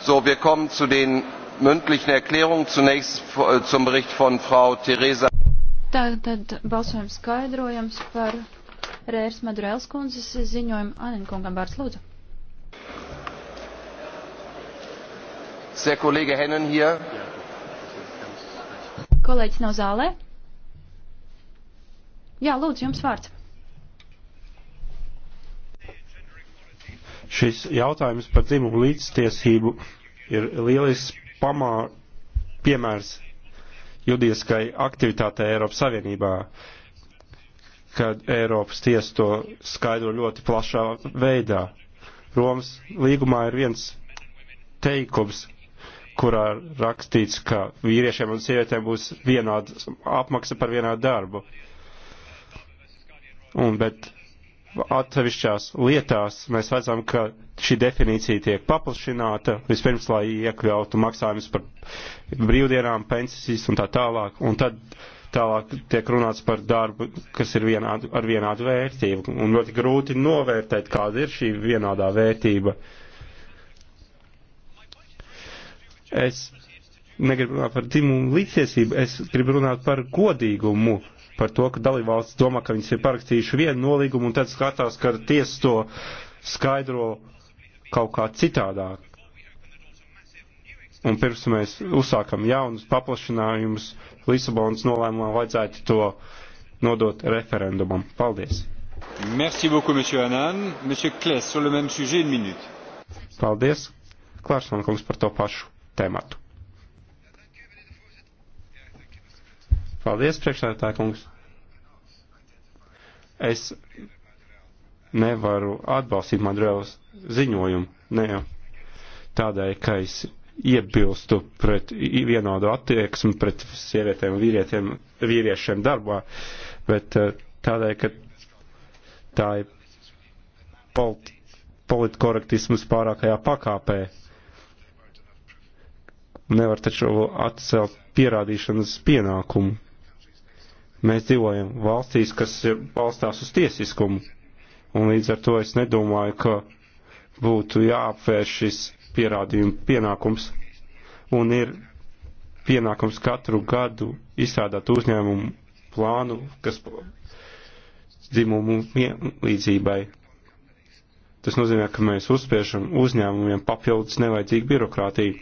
So, wir kommen zu den mündlichen Erklärungen. Zunächst äh, zum Bericht von Frau Theresa. Tātad balsojums skaidrojams par Rērs Madurēls kundzes ziņojumu Aninkungam vārds lūdzu. Der Kollege Hennen hier. Kolēģis nav zālē? Jā, lūdzu, jums vārds. Šis jautājums par dzimumu līdztiesību ir lielisks pamā piemērs judieskai aktivitātei Eiropas Savienībā, kad Eiropas tiesa to skaidro ļoti plašā veidā. Romas līgumā ir viens teikums, kurā rakstīts, ka vīriešiem un sievietēm būs vienāda apmaksa par vienādu darbu. Un, bet atsevišķās lietās mēs redzam, ka šī definīcija tiek paplašināta, vispirms, lai iekļautu maksājumus par brīvdienām, pensijas un tā tālāk, un tad tālāk tiek runāts par darbu, kas ir vienādu, ar vienādu vērtību, un ļoti grūti novērtēt, kāda ir šī vienādā vērtība. Es negribu runāt par dzimumu līdztiesību, es gribu runāt par godīgumu par to, ka dalībvalsts domā, ka viņas ir parakstījuši vienu nolīgumu un tad skatās, ka tiesa to skaidro kaut kā citādāk. Un pirms mēs uzsākam jaunus paplašinājumus, Lisabonas nolēmumā vajadzētu to nodot referendumam. Paldies! Merci beaucoup, monsieur Hanan. Monsieur Kless, sur le même sujet, une minute. Paldies! Klārsmankungs par to pašu tēmatu. Paldies, priekšsēdētāj kungs. Es nevaru atbalstīt Madrēlas ziņojumu, ne jau tādēļ, ka es iebilstu pret vienādu attieksmi pret sievietēm un vīrietiem, vīriešiem darbā, bet eh, tādēļ, ka tā ir polit politkorektismas pārākajā pakāpē. Nevar taču atcelt pierādīšanas pienākumu. Mēs dzīvojam valstīs, kas ir balstās uz tiesiskumu, un līdz ar to es nedomāju, ka būtu jāapvērš šis pierādījuma pienākums, un ir pienākums katru gadu izstrādāt uzņēmumu plānu, kas dzimumu vienlīdzībai. Tas nozīmē, ka mēs uzspiešam uzņēmumiem papildus nevajadzīgu birokrātiju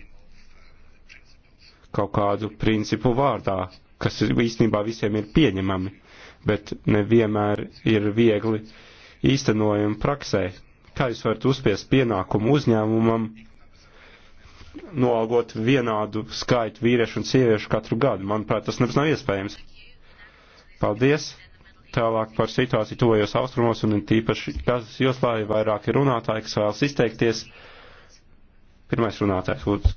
kaut kādu principu vārdā, kas īstenībā visiem ir pieņemami, bet nevienmēr ir viegli īstenojumi praksē. Kā jūs varat uzspiest pienākumu uzņēmumam noalgot vienādu skaitu vīriešu un sieviešu katru gadu? Manuprāt, tas nebūs nav iespējams. Paldies! Tālāk par situāciju tuvajos austrumos un tīpaši Gazas joslā ir vairāki runātāji, kas vēlas izteikties. Pirmais runātājs, lūdzu.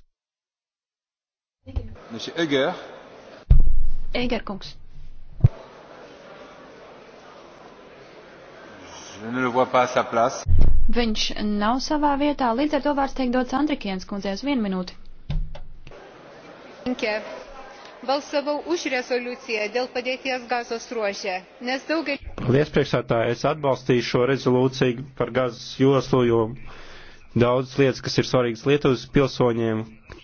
Monsieur Eger. Eigerkungs. Viņš nav savā vietā, līdz ar to vārds teikt dots Andrikienas kundzēs vienu minūti. Balsavau už rezoliuciją dėl padėties gazos ruožė, nes daugelis. Paldies, priekšsētāji, es atbalstīšu šo rezolūciju par gazas joslu, jo Daudz lietas, kas ir svarīgas Lietuvas pilsoņiem,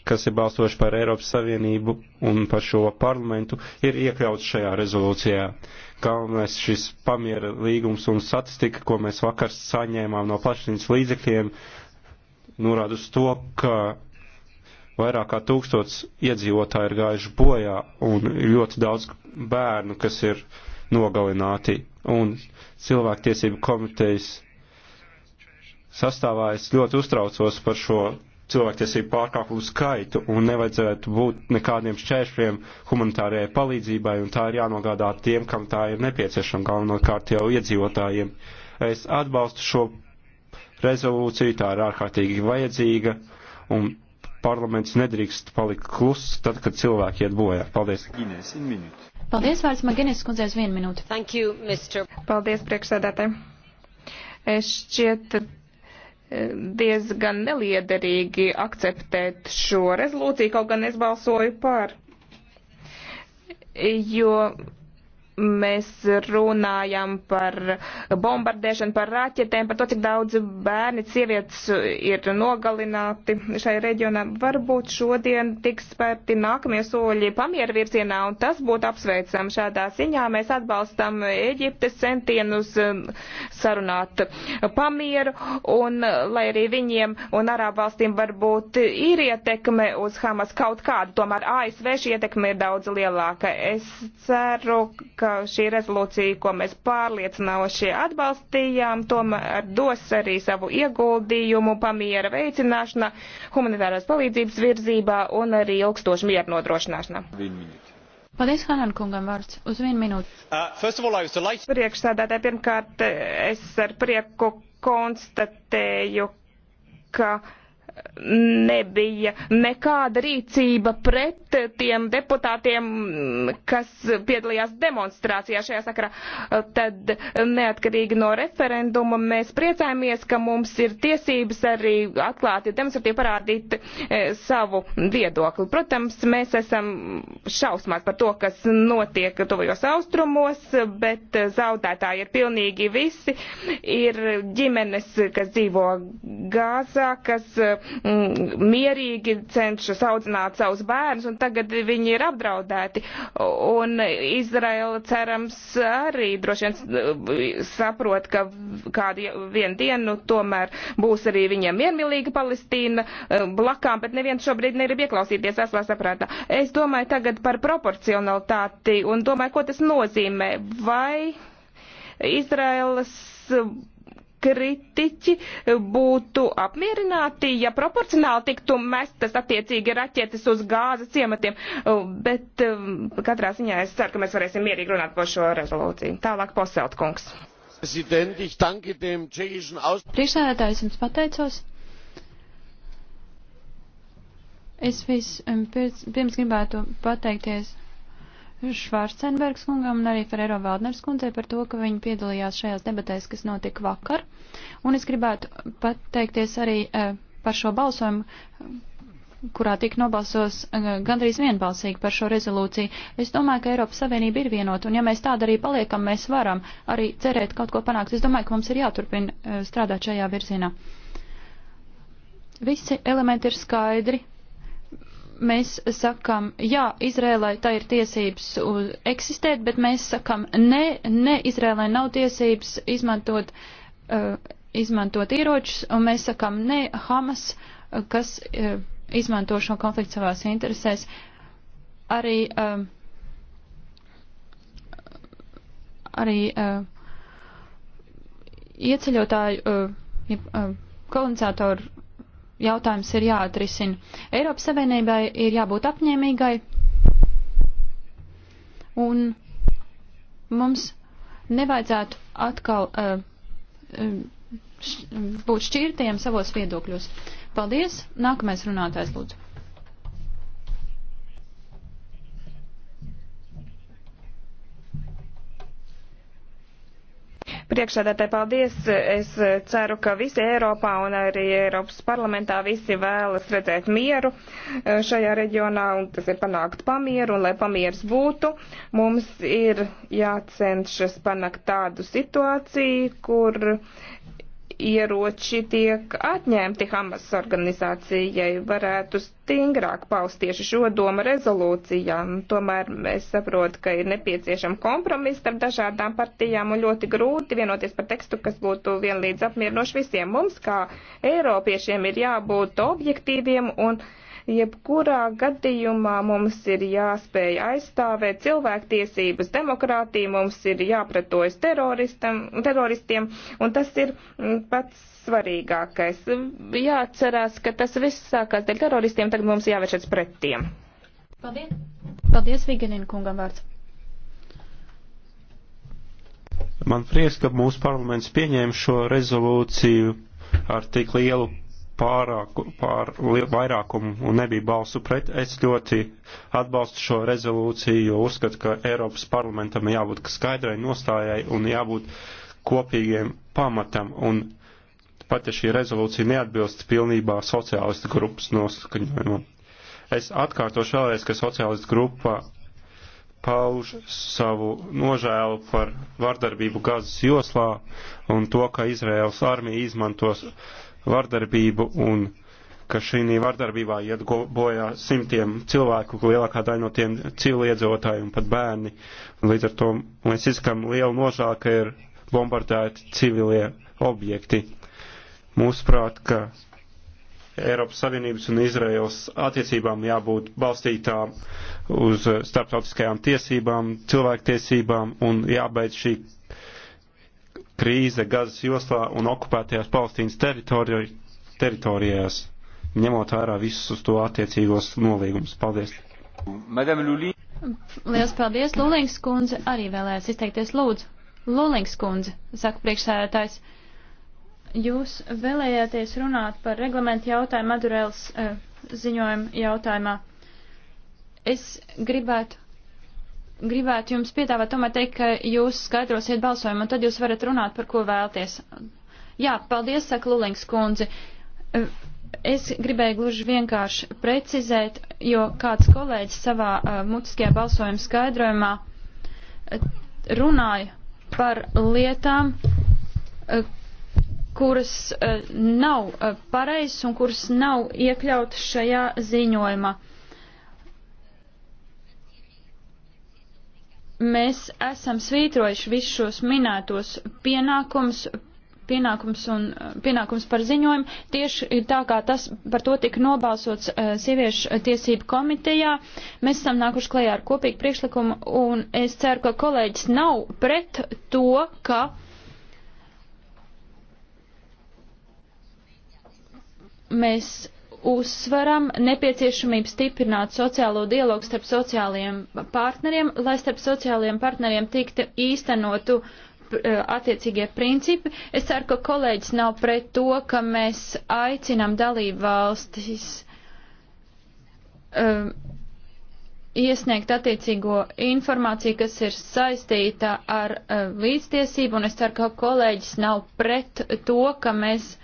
kas ir balstoši par Eiropas Savienību un par šo parlamentu, ir iekļauts šajā rezolūcijā. Galvenais šis pamiera līgums un statistika, ko mēs vakar saņēmām no plašiņas līdzekļiem, norāda uz to, ka vairāk kā tūkstots iedzīvotāji ir gājuši bojā un ļoti daudz bērnu, kas ir nogalināti. Un cilvēktiesību komitejas sastāvā es ļoti uztraucos par šo cilvēktiesību pārkāpumu skaitu un nevajadzētu būt nekādiem šķēršļiem humanitārajai palīdzībai, un tā ir jānogādā tiem, kam tā ir nepieciešama, galvenokārt jau iedzīvotājiem. Es atbalstu šo rezolūciju, tā ir ārkārtīgi vajadzīga, un parlaments nedrīkst palikt kluss tad, kad cilvēki iet bojā. Paldies! Ines, Paldies, vārds Maginis, kundzēs vienu minūti. Thank you, Mr. Paldies, priekšsēdētāji. Es šķiet diezgan neliederīgi akceptēt šo rezolūciju, kaut gan es balsoju par. Jo mēs runājam par bombardēšanu, par raķetēm, par to, cik daudz bērni, sievietes ir nogalināti šai reģionā. Varbūt šodien tiks spērti nākamie soļi pamieru virzienā, un tas būtu apsveicam. Šādā ziņā mēs atbalstam Eģiptes centienus um, sarunāt pamieru, un uh, lai arī viņiem un arābu valstīm varbūt ir ietekme uz Hamas kaut kādu, tomēr ASV šī ietekme ir daudz lielāka. Es ceru, ka ka šī rezolūcija, ko mēs pārliecinoši atbalstījām, tomēr dos arī savu ieguldījumu pamiera veicināšanā, humanitārās palīdzības virzībā un arī ilgstošu mieru nodrošināšanā. Paldies, Hanan kungam vārds. Uz vienu minūti. Uh, Priekšsādātāji, pirmkārt, es ar prieku konstatēju, ka nebija nekāda rīcība pret tiem deputātiem, kas piedalījās demonstrācijā šajā sakarā. Tad neatkarīgi no referenduma mēs priecājamies, ka mums ir tiesības arī atklāti demonstratīvi parādīt e, savu viedokli. Protams, mēs esam šausmās par to, kas notiek tuvajos austrumos, bet zaudētāji ir pilnīgi visi. Ir ģimenes, kas dzīvo Gāzā, kas Mm, mierīgi cenšas audzināt savus bērnus, un tagad viņi ir apdraudēti. Un Izraela cerams arī droši vien mm, saprot, ka kādu vienu dienu nu, tomēr būs arī viņiem miermīlīga Palestīna mm, blakām, bet neviens šobrīd negrib ieklausīties veselā saprātā. Es domāju tagad par proporcionalitāti un domāju, ko tas nozīmē. Vai Izraels kritiķi būtu apmierināti, ja proporcionāli tiktu mestas attiecīgi raķetes uz gāzes ciematiem. Bet um, katrā ziņā es ceru, ka mēs varēsim mierīgi runāt par šo rezolūciju. Tālāk Poselt kungs. Priekšsēdētājs jums pateicos. Es vispirms um, gribētu pateikties Švarcenbergs kungam un arī Ferrero Valdners kundzei par to, ka viņi piedalījās šajās debatēs, kas notika vakar. Un es gribētu pateikties arī eh, par šo balsojumu, kurā tika nobalsos eh, gandrīz vienbalsīgi par šo rezolūciju. Es domāju, ka Eiropas Savienība ir vienota, un ja mēs tāda arī paliekam, mēs varam arī cerēt kaut ko panākt. Es domāju, ka mums ir jāturpina eh, strādāt šajā virzienā. Visi elementi ir skaidri, mēs sakam, jā, Izrēlai tā ir tiesības eksistēt, bet mēs sakam, nē, nē, Izrēlai nav tiesības izmantot, uh, izmantot ieročus, un mēs sakam, nē, Hamas, uh, kas uh, izmanto šo konfliktu savās interesēs, arī, um, uh, arī ieceļotāju uh, uh, kolonizatoru jautājums ir jāatrisina. Eiropas Savienībai ir jābūt apņēmīgai un mums nevajadzētu atkal uh, š, būt šķirtiem savos viedokļos. Paldies! Nākamais runātājs lūdzu. Priekšsēdētāji, paldies. Es ceru, ka visi Eiropā un arī Eiropas parlamentā visi vēlas redzēt mieru e, šajā reģionā, un tas ir panākt pamieru, un lai pamieris būtu, mums ir jācenšas panākt tādu situāciju, kur ieroči tiek atņemti Hamas organizācijai, varētu stingrāk paust tieši šo domu rezolūcijā. Tomēr es saprotu, ka ir nepieciešama kompromiss starp dažādām partijām un ļoti grūti vienoties par tekstu, kas būtu vienlīdz apmierinoši visiem. Mums, kā Eiropiešiem, ir jābūt objektīviem un. Uh, Jebkurā gadījumā mums ir jāspēj aizstāvēt cilvēktiesības, demokrātiju, mums ir jāpratojas teroristiem, un tas ir mm, pats svarīgākais. Jāatcerās, ka tas viss sākās dēļ teroristiem, tagad mums jāvēršas pret tiem. Paldies! Paldies, Vigenin kungam vārds! Man prieks, ka mūsu parlaments pieņēma šo rezolūciju ar tik lielu pārāku, pār vairākumu un nebija balsu pret. Es ļoti atbalstu šo rezolūciju, jo uzskatu, ka Eiropas parlamentam jābūt skaidrai nostājai un jābūt kopīgiem pamatam. Un pat ja šī rezolūcija neatbilst pilnībā sociālistu grupas noskaņojumam. Es atkārtošu vēlreiz, ka sociālistu grupa pauž savu nožēlu par vardarbību gazas joslā un to, ka Izraels armija izmantos uh, vardarbību un ka šī vardarbībā iet bojā simtiem cilvēku, lielākā daļa no tiem civiliedzīvotāji un pat bērni. Un līdz ar to mēs izskam lielu nožēlu, ka ir bombardēti civilie objekti. Mūsuprāt, ka Eiropas Savienības un Izraels attiecībām jābūt balstītām uz starptautiskajām tiesībām, cilvēktiesībām un jābeidz šī krīze Gazas joslā un okupētajās Palestīnas teritorij, teritorijās, ņemot vērā visus uz to attiecīgos nolīgumus. Paldies! Lielas paldies, Lulīngas kundze, arī vēlējās izteikties lūdzu. Lulīngas kundze, saka priekšsēdētājs, jūs vēlējāties runāt par reglamentu jautājumu Madurēls eh, ziņojumu jautājumā. Es gribētu gribētu jums piedāvāt tomēr teikt, ka jūs skaidrosiet balsojumu, un tad jūs varat runāt, par ko vēlties. Jā, paldies, saka Lulings kundzi. Es gribēju gluži vienkārši precizēt, jo kāds kolēģis savā uh, mutiskajā balsojuma skaidrojumā uh, runāja par lietām, uh, kuras uh, nav uh, pareizas un kuras nav iekļautas šajā ziņojumā. Uh, mēs esam svītrojuši visus šos minētos pienākumus, pienākums, un, eh, pienākums par ziņojumu, tieši tā kā tas par to tika nobalsots uh, sieviešu tiesību komitejā. Mēs esam nākuši klajā ar kopīgu priekšlikumu, un es ceru, ka kolēģis nav pret to, ka. Mēs uzsveram nepieciešamību stiprināt sociālo dialogu starp sociālajiem partneriem, lai starp sociālajiem partneriem tiktu īstenotu eh, attiecīgie principi. Es ceru, ka kolēģis nav pret to, ka mēs aicinām dalību valstis um, iesniegt attiecīgo informāciju, kas ir saistīta ar uh, līdztiesību, un es ceru, ka kolēģis nav pret to, ka mēs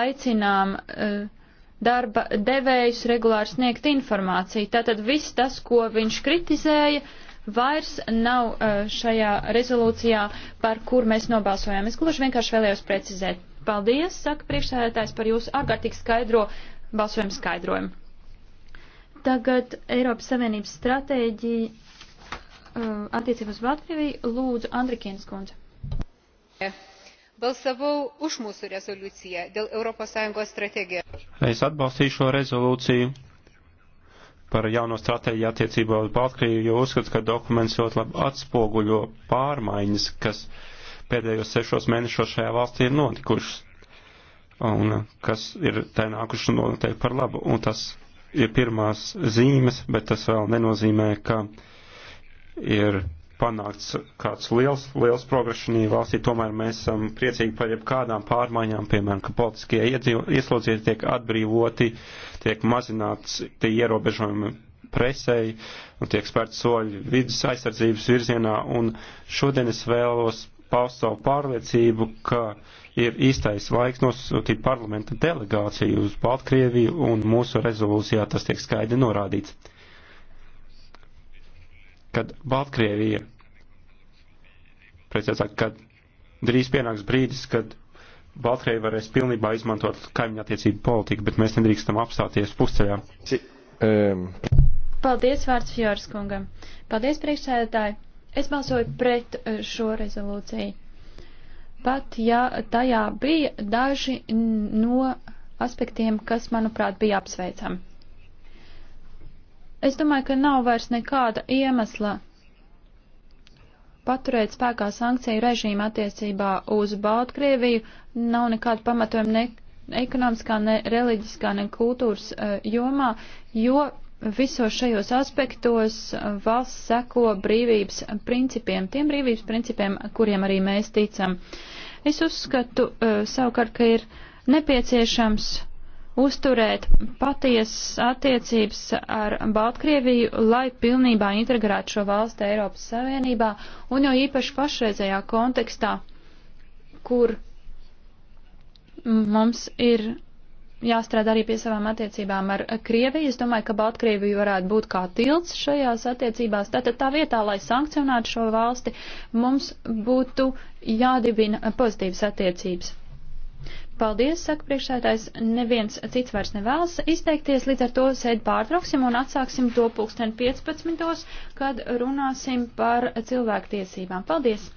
aicinām uh, darba devējus regulāri sniegt informāciju. Tātad viss tas, ko viņš kritizēja, vairs nav eh, šajā rezolūcijā, par kur mēs nobalsojām. Es gluži vienkārši vēlējos precizēt. Paldies, saka priekšsēdētājs, par jūsu ārkārtīgi skaidro balsojumu skaidrojumu. Tagad Eiropas Savienības stratēģija eh, attiecībā uz Baltkrieviju lūdzu Andrikienas kundze. Yeah balsavau už mūsų rezoliuciją dėl Europos Sąjungos strategijos. Es atbalstīju šo rezolūciju par jauno stratēģiju attiecībā uz Baltkrieviju, jo uzskatu, ka dokuments ļoti labi atspoguļo pārmaiņas, kas pēdējos sešos mēnešos šajā valstī ir notikušas un kas ir tai nākuši noteikti par labu. Un tas ir pirmās zīmes, bet tas vēl nenozīmē, ka ir panākts kāds liels, liels progress šī valstī, tomēr mēs esam priecīgi par jebkādām pārmaiņām, piemēram, ka politiskie ieslodzīti tiek atbrīvoti, tiek mazināts tie ierobežojumi presēji un tiek spērt soļi vidas aizsardzības virzienā. Un šodien es vēlos paust savu pārliecību, ka ir īstais laiks nosūtīt parlamenta delegāciju uz Baltkrieviju un mūsu rezolūcijā tas tiek skaidri norādīts kad Baltkrievija, precīzāk, kad drīz pienāks brīdis, kad Baltkrievija varēs pilnībā izmantot kaimiņu attiecību politiku, bet mēs nedrīkstam apstāties pusceļā. Ehm. Paldies, vārds Fjors kungam. Paldies, priekšsēdētāji. Es balsoju pret eh, šo rezolūciju. Pat ja tajā bija daži no aspektiem, kas, manuprāt, bija apsveicami. Es domāju, ka nav vairs nekāda iemesla paturēt spēkā sankciju režīmu attiecībā uz Baltkrieviju. Nav nekāda pamatojuma ne ekonomiskā, ne reliģiskā, ne kultūras uh, jomā, jo visos šajos aspektos eh, valsts seko brīvības principiem, tiem brīvības principiem, kuriem arī mēs ticam. Es uzskatu uh, savukārt, ka ir nepieciešams uzturēt patiesas attiecības ar Baltkrieviju, lai pilnībā integrētu šo valstu Eiropas Savienībā un jau īpaši pašreizējā kontekstā, kur mums ir jāstrādā arī pie savām attiecībām ar Krieviju. Es domāju, ka Baltkrievija varētu būt kā tilts šajās attiecībās. Tātad tā vietā, lai sankcionētu šo valsti, mums būtu jādibina pozitīvas attiecības. Paldies, saka priekšsētājs. Neviens cits vairs nevēlas izteikties, līdz ar to sēdi pārtrauksim un atsāksim to pulksten 15, kad runāsim par cilvēktiesībām. Paldies!